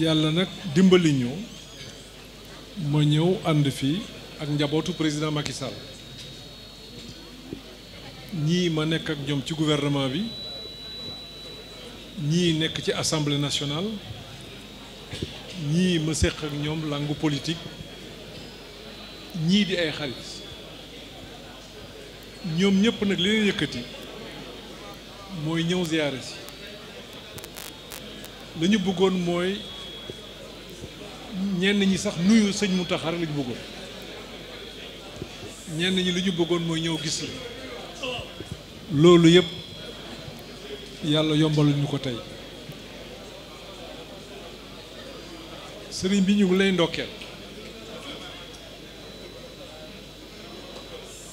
yàlla nag dimbali ñu ma ñëw ànd fii ak njabootu président Macky Sall ñii ma nekk ak ñoom ci gouvernement bi ñii nekk ci assemblée nationale ñii ma séq ak ñoom langue politique ñii di ay xarit ñoom ñëpp nag li leen yëkkati mooy ñëw ziyaare si bëggoon mooy ñenn ñi sax nuyu sëñ Muntaxa rek la ñu bëggoon ñenn ñi li ñu bëggoon mooy ñëw gis la loolu yëpp yàlla yombalu ñu ko tey sëriñ bi ñu lay ndokkeel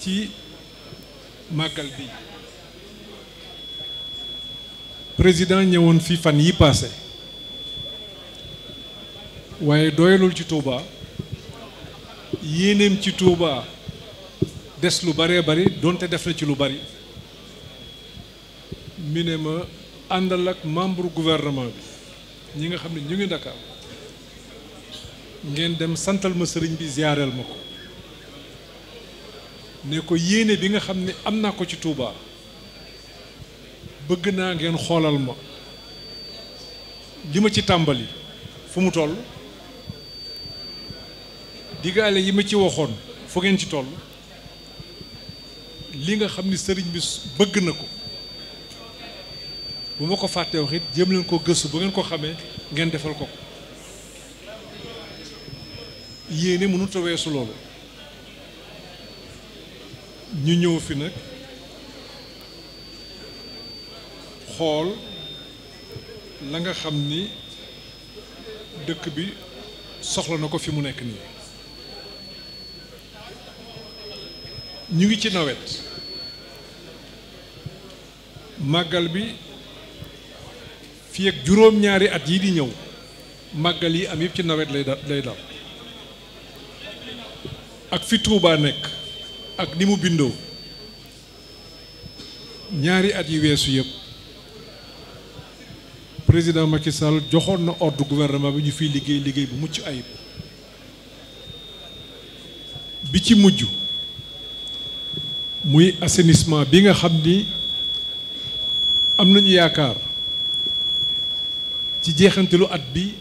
ci màggal bi président ñëwoon fi fan yi paase waaye doyalul ci Touba yéeneem ci Touba des lu baree bari donte def na ci lu bari mu ne ma àndal ak membre gouvernement bi ñi nga xam ne ñu ngi Dakar ngeen dem santal ma sëriñ bi ziareel ma ko ne ko yéene bi nga xam ne am naa ko ci Touba bëgg naa ngeen xoolal ma li ma ci tàmbali fu mu toll digaale yi ma ci waxoon fu ngeen ci toll li nga xam ni sëriñ bi bëgg na ko bu ma ko fàttee wax it leen ko gëstu ba ngeen ko xamee ngeen defal ko ko yéene mënut weesu loolu ñu ñëw fi nag xool la nga xam ni dëkk bi soxla na ko fi mu nekk nii ñu ngi ci nawet màggal bi fii ak juróom-ñaari at yi di ñëw màggal yi am yëpp ci nawet lay dal lay dal ak fi Touba nekk ak ni mu bindoo ñaari at yi weesu yëpp président Macky Sall joxoon na ordre gouvernement bi ñu fiy liggéey liggéey bu mucc ayib bi ci mujj muy assainissement bi nga xam ni am nañu yaakaar ci jeexantalu at bi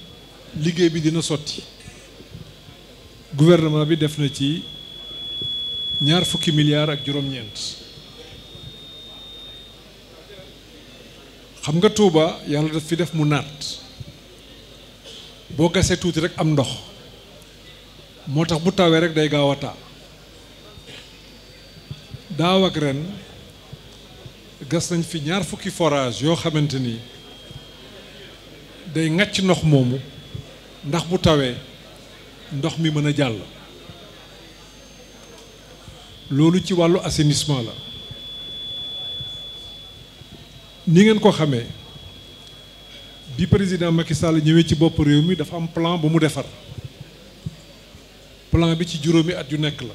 liggéey bi dina sotti gouvernement bi def na ci ñaar fukki milliards ak juróom xam nga tuuba yàlla daf fi def mu naat boo gasee tuuti rek am ndox moo tax bu tawee rek day gaaw a taa daaw ak ren gas nañ fi ñaar fukki forage yoo xamante ni day ŋàcc ndox moomu ndax bu tawee ndox mi mën a jàll loolu ci wàllu assainissement la ni ngeen ko xamee bi président Macky Sall ñëwee ci bopp réew mi dafa am plan bu mu defar plan bi ci juróomi at yu nekk la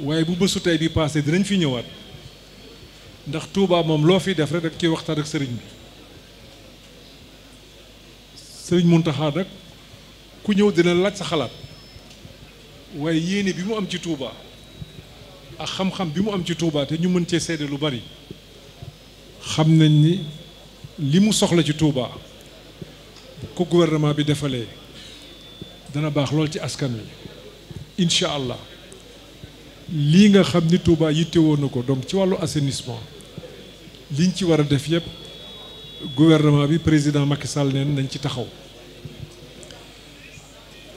waaye bu bésu tey bi passé dinañ fi ñëwaat ndax tuubaa moom loo fi def rek dañ koy waxtaan ak sëriñ bi sëriñ mun Mountakha nag ku ñëw dina laaj sa xalaat waaye yéene bi mu am ci Touba ak xam-xam bi mu am ci Touba te ñu mën cee seede lu bari xam nañ ni li mu soxla ci Touba ko gouvernement bi defalee dana baax lool ci askan wi incha allah. lii nga xam ni Touba yittewoo na ko donc ci wàllu assainissement liñ ci war a def yëpp gouvernement bi président Macky Sall neen nañ ci taxaw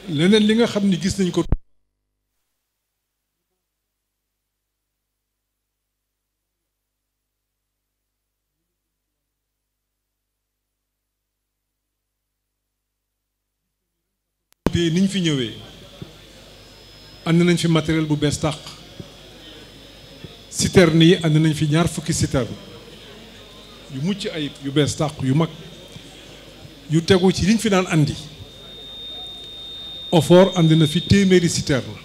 leneen li nga xam ni gis nañ ko niñ fi ñëwee ànd nañ fi matériel bu bees tàq citerne yi andi nañ fi ñaar fukki citerne yu mucc ayib yu bees tàq yu mag yu tegu ci liñ fi daan andi Ofor andi na fi téeméeri citerne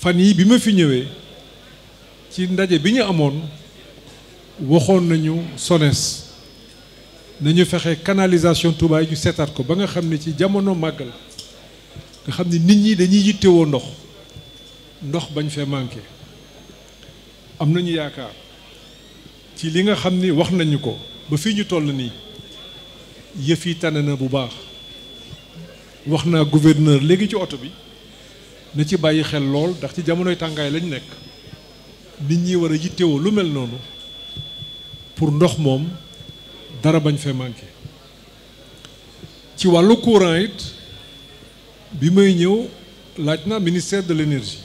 fan yi bi ma fi ñëwee ci ndaje bi ñu amoon nañu SONES nañu fexe canalisation Touba yi ñu seetaat ko ba nga xam ci jamono màggal nga xam ne nit ñi dañuy yittewoo ndox ndox bañ fee manqué am nañu yaakaar ci li nga xam ni wax nañu ko ba fii ñu toll nii yëf yi tane na bu baax wax na gouverneur léegi ci oto bi na ci bàyyi xel lool ndax ci jamonoy tàngaay lañu nekk nit ñi war a yittewoo lu mel noonu pour ndox moom dara bañ fee manqué ci wàllu courant it bi may ñëw laaj na ministère de l'énergie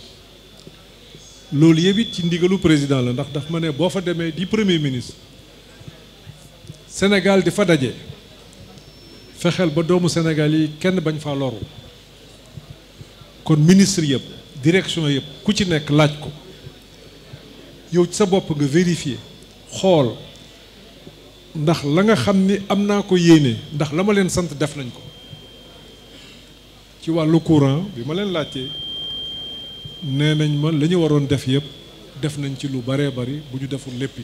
loolu yëpp ci ndigalu président la ndax dafa ma ne boo fa demee di premier ministre Sénégal di fa daje fexeel ba doomu Sénégal yi kenn bañ fa loru kon ministre yëpp direction yëpp ku ci nekk laaj ko yow ci sa bopp nga vérifier xool ndax la nga xam ni am naa ko yéene ndax la ma leen sant def nañ ko ci wàllu courant bi ma leen laajtee. nee nañ ma lañu waroon def yëpp def nañ ci lu baree bari bu ñu deful léppi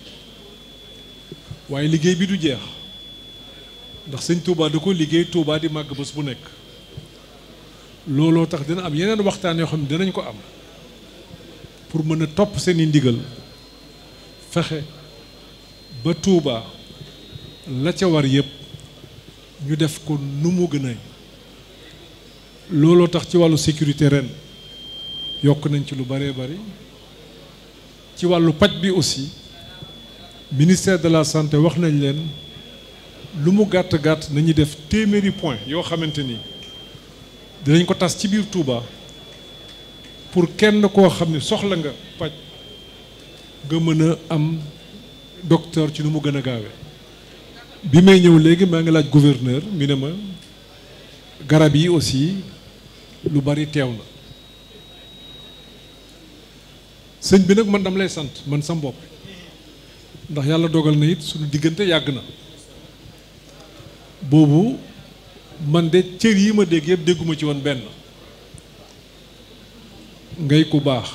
waaye liggéey bi du jeex ndax sëñ Touba da ko liggéey Touba di màgg bés bu nekk looloo tax dina am yeneen waxtaan yoo xam ne dinañ ko am pour mën a topp seen ndigal fexe ba Touba la ca war yëpp ñu def ko nu mu gën a looloo tax ci wàllu sécurité ren. yokk nañ ci lu baree bari ci wàllu paj bi aussi ministère de la santé wax nañ leen lu mu gàtt gàtt nañu def téeméeri point yoo xamante ni dinañ ko tas ci biir Touba pour kenn koo xam ne soxla nga paj nga mën a am docteur ci nu mu gën a gaawe bi may ñëw léegi maa ngi laaj gouverneur mu ne ma garab yi aussi lu bari teew na sëñ bi nag man dam lay sant man sam bopp ndax yàlla dogal na it suñu diggante yàgg na boobu man de cër yi ma dégg yëpp dégguma ci woon benn ngay ku baax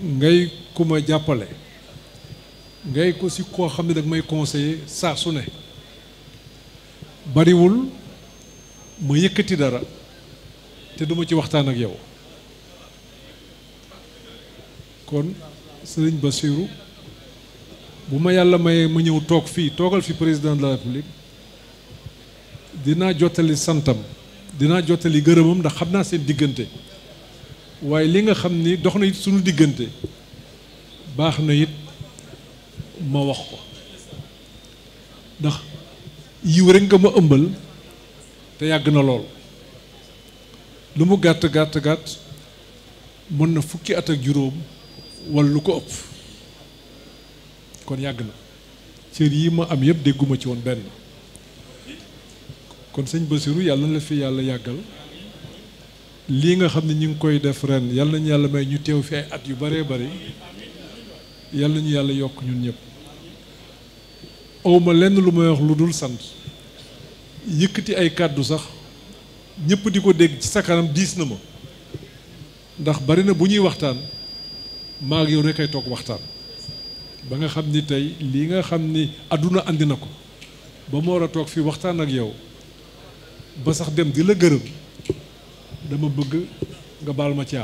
ngay ku ma jàppale ngay ko si koo xam ne dag may conseiller saa su ne bariwul ma yëkkati dara te duma ci waxtaan ak yow kon sëriñ Bassirou bu ma yàlla mayee ma ñëw toog fii toogal fi président de la république dinaa jottali santam dinaa jottali gërëmam ndax xam naa seen diggante waaye li nga xam ni dox na it sunu diggante baax na it ma wax ko ndax yiw rek nga ma ëmbal te yàgg na lool lu mu gàtt gàtt gàtt mën na fukki at ak juróom wala lu ko ëpp kon yàgg na cër yi ma am yëpp dégguma ci woon benn kon sëñ Basiru yàlla na la fi yàlla yàggal lii nga xam ne ñu ngi koy def ren yàlla nañu yàlla may ñu teew fi at yu baree bari yàlla nañu yàlla yokk ñun ñëpp awma lenn lu may wax lu dul sant yëkkati ay kàddu sax ñëpp di ko dégg ci sa diis na ma ndax bari na bu ñuy waxtaan maa yow rek ay toog waxtaan ba nga xam ni tey lii nga xam ni àdduna andi na ko ba ma war a toog fii waxtaan ak yow ba sax dem di la gërëm dama bëgg nga baal ma ci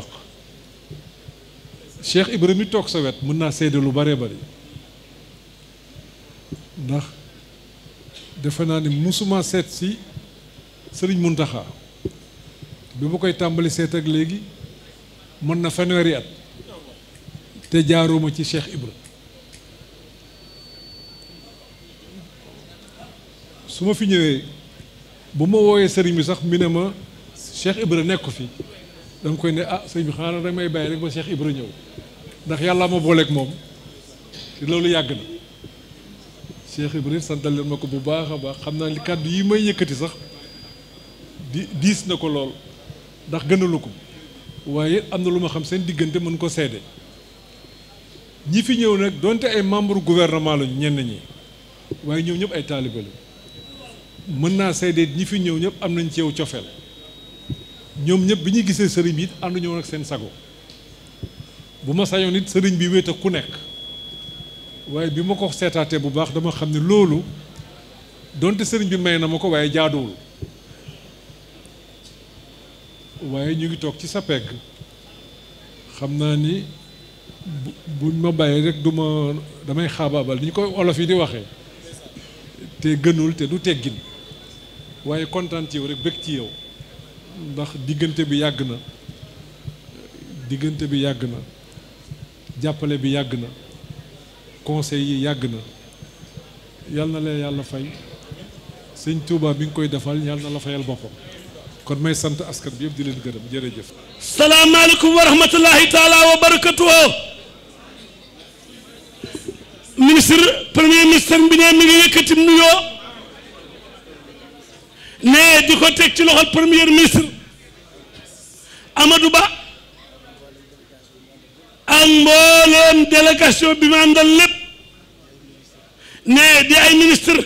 Cheikh ibrahim toog sa wet mën naa seede lu bare bari ndax defe naa ni musuma seet si Sëriñ Muntaxa bi bu koy tàmbali seet ak léegi mën na fanweeri at te jaaruma ci Cheikh Ibra su ma fi ñëwee bu ma wooyee sëriñ bi sax mi ne ma Cheikh Ibra nekk fi danga koy ne ah sëriñ bi xanaa rek may bàyyi rek ba Cheikh Ibra ñëw ndax yàllaa ma booleeg moom loolu yàgg na Cheikh Ibra santal leen ma ko bu baax a baax xam naa li kàddu yi may yëkkati sax di diis na ko lool ndax gënalu ko waaye am na lu ma xam seen diggante mën ko seede ñi fi ñëw nag donte ay membre gouvernement lañu ñenn ñi waaye ñëw ñëpp ay taalibe mën naa seedee ñi fi ñëw ñëpp am nañ ci yow cofeel ñoom ñëpp bi ñuy gisee sëriñ bi it àndu ñëw nag seen sago bu ma sañoon nit sëriñ bi wéet ku nekk waaye bi ma ko seetaatee bu baax dama xam ne loolu donte sëriñ bi may na ma ko waaye jaaduwul waaye ñu ngi toog ci sa pegg xam naa ni buñ ma bàyyi rek du ma damay xaabaabal ni koy olof yi di waxee te gënul te du teggin waaye kontaan yow rek bëgg ci yow ndax diggante bi yàgg na diggante bi yàgg na jàppale bi yàgg na conseil yi yàgg na yal na la yàlla fay sëñ Touba bi nga koy defal yal na la fayal boppam kon may sant askan bi yëpp di leen gërëm jërëjëf. salaamaaleykum wa rahmatulahi taala wa barakatuho ministre premier ministre bi ne mi ngi yëkkati nuyoo di ko teg ci loxol premier ministre Amadou Ba ak mbooleem bi ma àndal lépp di ay ministre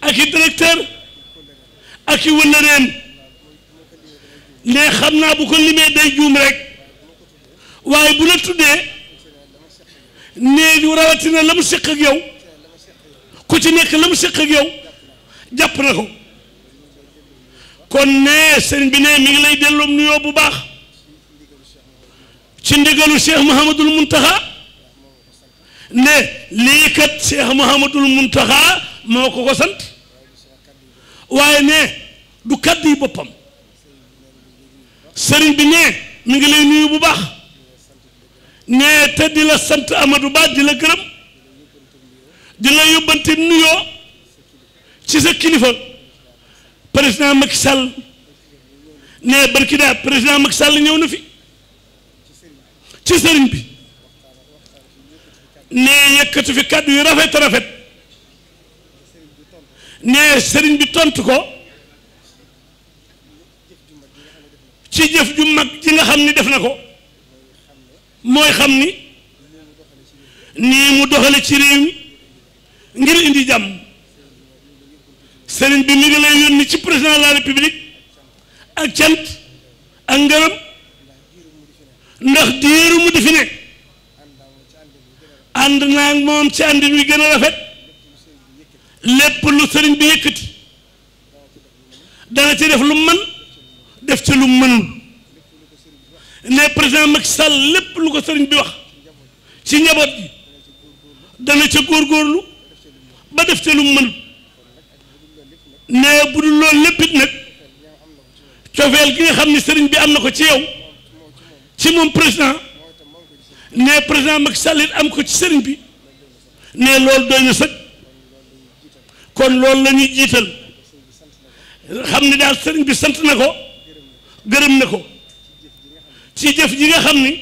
ak i directeur ak i mais xam naa bu ko limee day juum rek waaye bu la tuddee nee du rawatina la mu séq ak yow ku ci nekk la mu séq ak yow jàpp na ko kon nee sëriñ bi nee mi ngi lay delloom nuyoo bu baax ci ndigalu cheikh Mouhamadul Mountakha ne lii kat cheikh Mouhamadul Mountakha moo ko ko sant waaye ne du kàddu yi boppam. sëriñ bi nee mi ngi lay nuyu bu baax nee te di la sant Amadou Ba di la gërëm di la yóbbante nuyoo ci sa kilifa président Macky Sall nee barki daa président Macky sàll ñëw na fi ci sëriñ bi nee yëkkatu fi kàddu yu rafet rafet nee sëriñ bi tontu ko. ci jëf ju mag ji nga xam ni def na ko mooy xam ni nii mu doxale ci réew mi ngir indi jàmm sëriñ bi mi ngi lay yónni ci président de la république ak cant ak ngërëm ndax diiru mu di fi nekk ànd naa ak moom ci àndin wi gën a rafet lépp lu sëriñ bi yëkkati dana ci def lu man def ca lu mënul ne président Macky Sall lépp lu ko sëriñ bi wax ci njaboot gi dana ca góor góorgóorlu ba def ca lu mënul ne bu dul loolu lépp it nag cofeel gi nga xam ne sëriñ bi am na ko ci yow ci moom président ne président Macky Sall it am ko ci sëriñ bi ne loolu doy na sëg kon loolu la ñuy jiital xam ne daal sëriñ bi sant na ko gërëm na ko ci jëf ji nga xam ni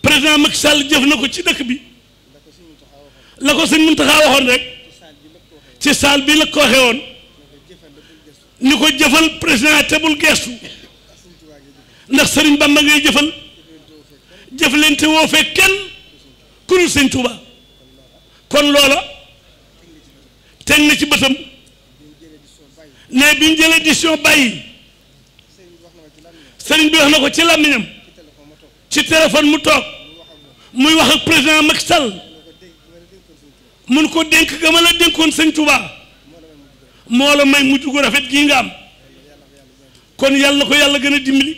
président Macky Sall jëf na ko ci dëkk bi la ko sëñ Muntaxa waxoon rek ci saal bi la ko waxee woon ni ko jëfal président te bul geestu ndax sëriñ Bamba ngay jëfal jëf leen te woo fee kenn ku dul sëñ Tuuba kon loola teg na ci bëtam ne bi ñu jëlee décision bàyyi sëriñ bi wax na ko ci làmmiñam ci téléphone mu toog muy wax ak président Macky Sall mun ko dénk ga ma la dénkoon sëñ Touba moo la may mujj gu rafet gii nga am kon yàlla na ko yàlla gën a dimbali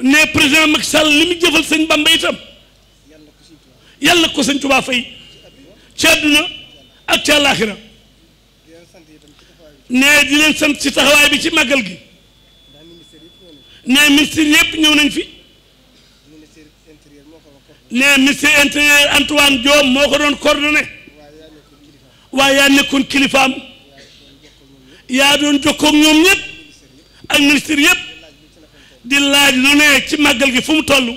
ne président Macky Sall li mu jëfal sëñ Bamba itam yàlla ko sëñ Touba fay ci àdduna ak ci àllaaxira ne di leen sant ci taxawaay bi ci màggal gi. nee ministre yëpp ñëw nañ fi nee ministre intérieur Antoine Diome moo ko doon coordonné waaye yaa nekkoon kilifaam yaa doon jokkoog ñoom ñëpp ak ministre yëpp di laaj lu ne ci màggal gi fu mu toll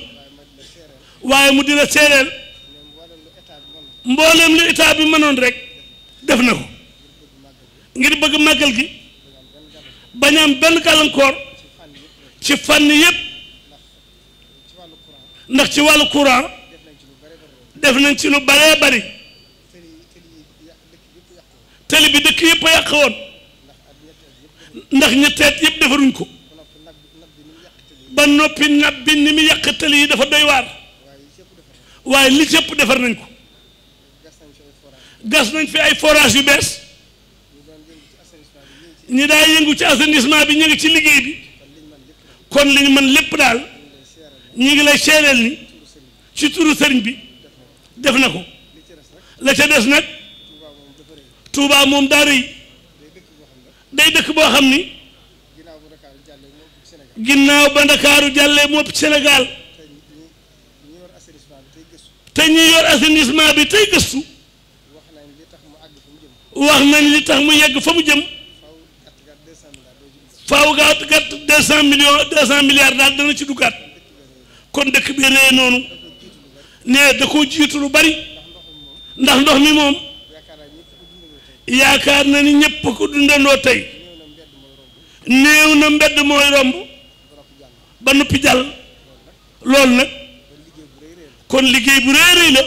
waaye mu di la seereel mboolem lu état bi mënoon rek def na ko ngir bëgg màggal gi bañ am benn gàllankoor. ci fànn yépp ndax ci wàllu courant def nañ ci lu baree bari tali bi dëkk yépp a yàq woon ndax ñetteet yépp defaruñ ko ba noppi nab bi ni mu yàq tali yi dafa doy waar waaye li cëpp defar nañ ko gas nañ fi ay forage yu bees ñi daa yëngu ci assainissement bi ñu ngi ci liggéey bi kon li ñu mën lépp daal ñu ngi lay seedeel ni ci turu sëriñ bi def na ko la ca des nag Touba moom daa rëy day dëkk boo xam ni ginnaaw ba Ndakaaru jàllee moo ëpp Sénégal te ñi yor assainissement bi tey gëstu wax nañ li tax mu yegg fa mu jëm faaw gàtt gàtt deux cent millions deux cent milliards daal dana ci duggaat kon dëkk bi ree noonu ne da koo jiitu lu bari ndax ndox mi moom yaakaar na ni ñépp ko dundandoo tey néew na mbedd mooy romb ba noppi jàll loolu nag kon liggéey bu rëy rëy la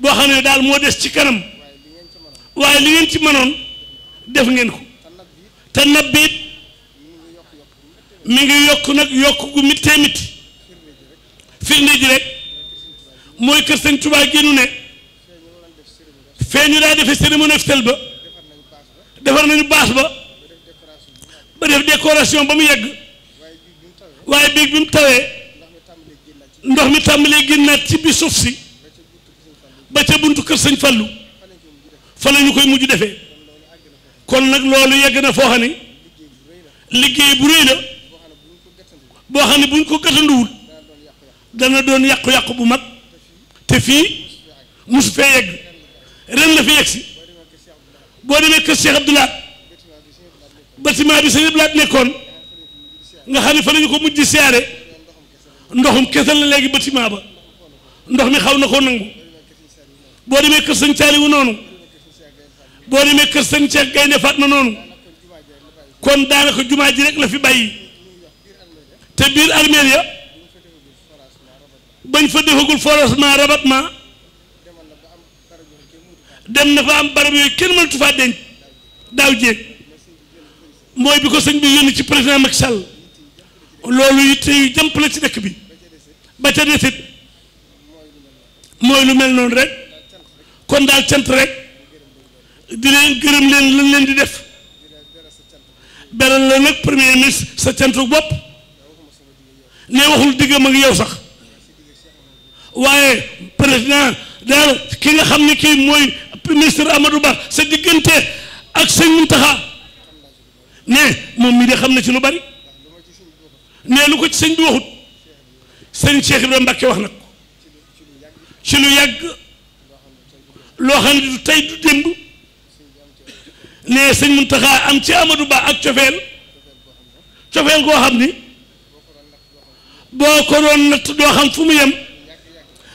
boo xam ne daal moo des ci kanam waaye li ngeen ci mënoon def ngeen ko te nabbiit mi ngi yokk nag yokk gu mittee mitti firnde ji rek mooy kër sëñ Tuubaa gi nu ne fee ñu daa defee cérémonie officielle ba defar nañu baas ba ba def décoration ba mu yegg waaye biig bi mu tawee ndox mi tàmbalee génnaat ci biir suuf si ba ca buntu kër sëñ Fallu fa la ñu koy mujj defee kon nag loolu yegg na foo xam ne liggéey bu réy la boo xam ne bu buñ ko gëtanduwul dana doon yàqu-yàqu bu mag te fii musu fee yegg ren la fi yegg si boo demee kër Cheikh Abdoulaat bâtiment bi sëñ Abdoulaat nekkoon nga xam ne fa ñu ko mujj siyaare ndoxum kese la léegi bâtiment ba ndox mi xaw na koo nangu boo demee kër sëñ Caaliwu noonu boo demee kër sëñ Cheikh Gaynde Fatma noonu kon daanaka jumaa ji rek la fi bàyyi te biir armeel ya bañ fa defagul forcement rabattement dem na fa am barab yooyu kenn mënatu faa denc daaw jéeg mooy bi ko sëñ bi yónni ci président Macky sal loolu yitte yu jàmp la ci dëkk bi ba ca desit mooy lu mel noonu rek kon daal cant rek di leen gërëm leen lañ leen di def beral la nag premier ministre sa cantu bopp ne waxul ma ak yow sax waaye président daal ki nga xam ni kii mooy ministre Amadou Ba sa diggante ak sëñ Muntaxa ne moom mi de xam na ci lu bari ne lu ko ci sëñ bi waxut sëñ Cheikh Ibrahima Mbacke wax na ko ci lu yàgg loo xam ne du tey du démb ne sëñ Muntaxa am ci Amadou Ba ak cofeel cofeel koo xam ni boo ko doon natt doo xam fu mu yem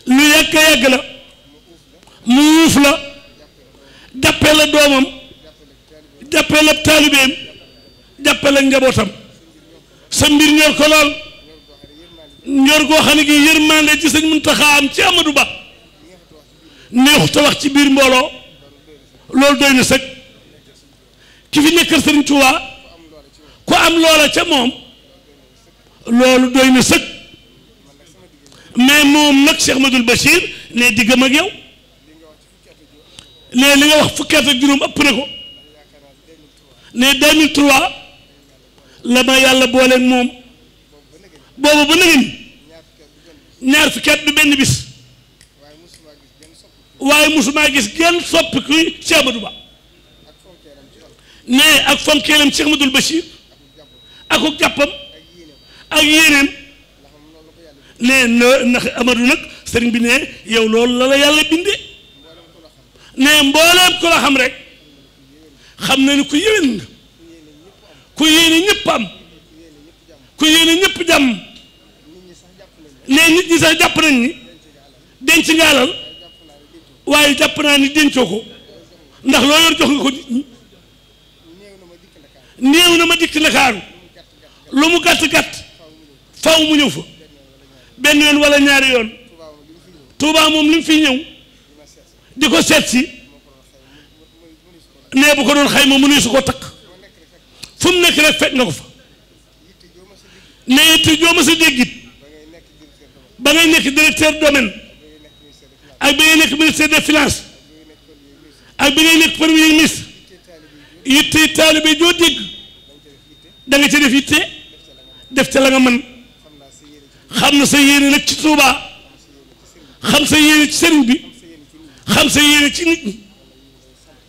lu yàgg-yàgg la mu wuuf la jàppee la doomam jàppee la taalibeem jàppee la njabootam sa mbir ñor ko lool ñor goo xam ne gi yërmande ci sëñ Muntaxa am ci Amadou Ba neexut wax ci biir mbooloo loolu doy na sëg ki fi nekkal sëriñ Tuubaa ku am loola ca moom loolu doy na sëg mais moom nag Cheikh Madul Bachir ne diggam ak yow ne li nga wax fukki at ak juróom ëpp na ko ne 2003 la ma yàlla booleeg moom boobu ba nag ñaar fukki at du benn bis waaye mosumaa gis genn soppiku Cheikh du Ba ne ak fonkeelam Cheikh Madul Bachir ak jàppam ak yéeneem. nee na ndax Amadou nag sëriñ bi nee yow loolu la la yàlla bindee nee mbooleem ku la xam rek xam na ni ku yéwén nga ku yéene ñëpp am ku yéene ñëpp jàmm nee nit ñi sax jàpp nañ ni denc nga alal waaye jàpp naa ni dencoo ko ndax loo yor jox nga ko nit ñi na ma dikk Ndakaaru lu mu gàtt gàtt faw mu ñëw fa. benn yoon wala ñaari yoon Touba moom li mu fi ñëw di ko seet si nee bu ko doon xayma mënuñu su ko takk fu mu nekk rek fekk nga ko fa ne it joo ma sa dégg it ba ngay nekk directeur domaine ak ba ngay nekk ministère des finances ak ba ngay nekk premier ministre yitte taalibe joo dégg da nga ca def yitte def ca la nga xam na sa yéene nag ci Touba xam sa yéene ci sëriñ bi xam sa yéene ci nit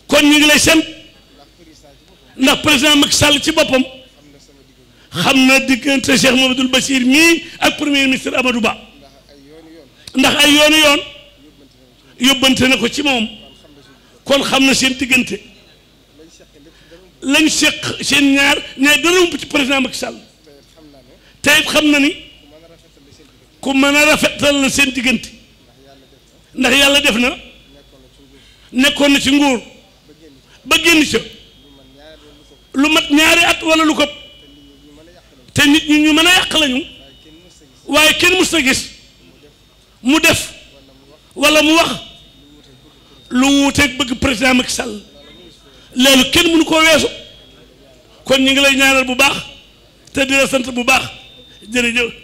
kon ñu ngi lay sant ndax président Macky Sall ci boppam xam na diggante Cheikh Mamadou Bachir mii ak premier ministre Amadou Ba ndax ay yoonu yoon yóbbante na ko ci moom kon xam na seen diggante lañ seq seen ñaar ñaar dara ump ci président Macky Sall te xam na ni. ku mën a rafetal na seen diggante ndax yàlla def na nekkoon na ci nguur ba génn ca lu mat ñaari at wala lu ko te nit ñu mën a yàq lañu waaye kenn mus sa gis mu def wala mu wax lu wuuteeg bëgg président Macky Sall loolu kenn mënu koo weesu kon ñu ngi lay ñaanal bu baax te di bu baax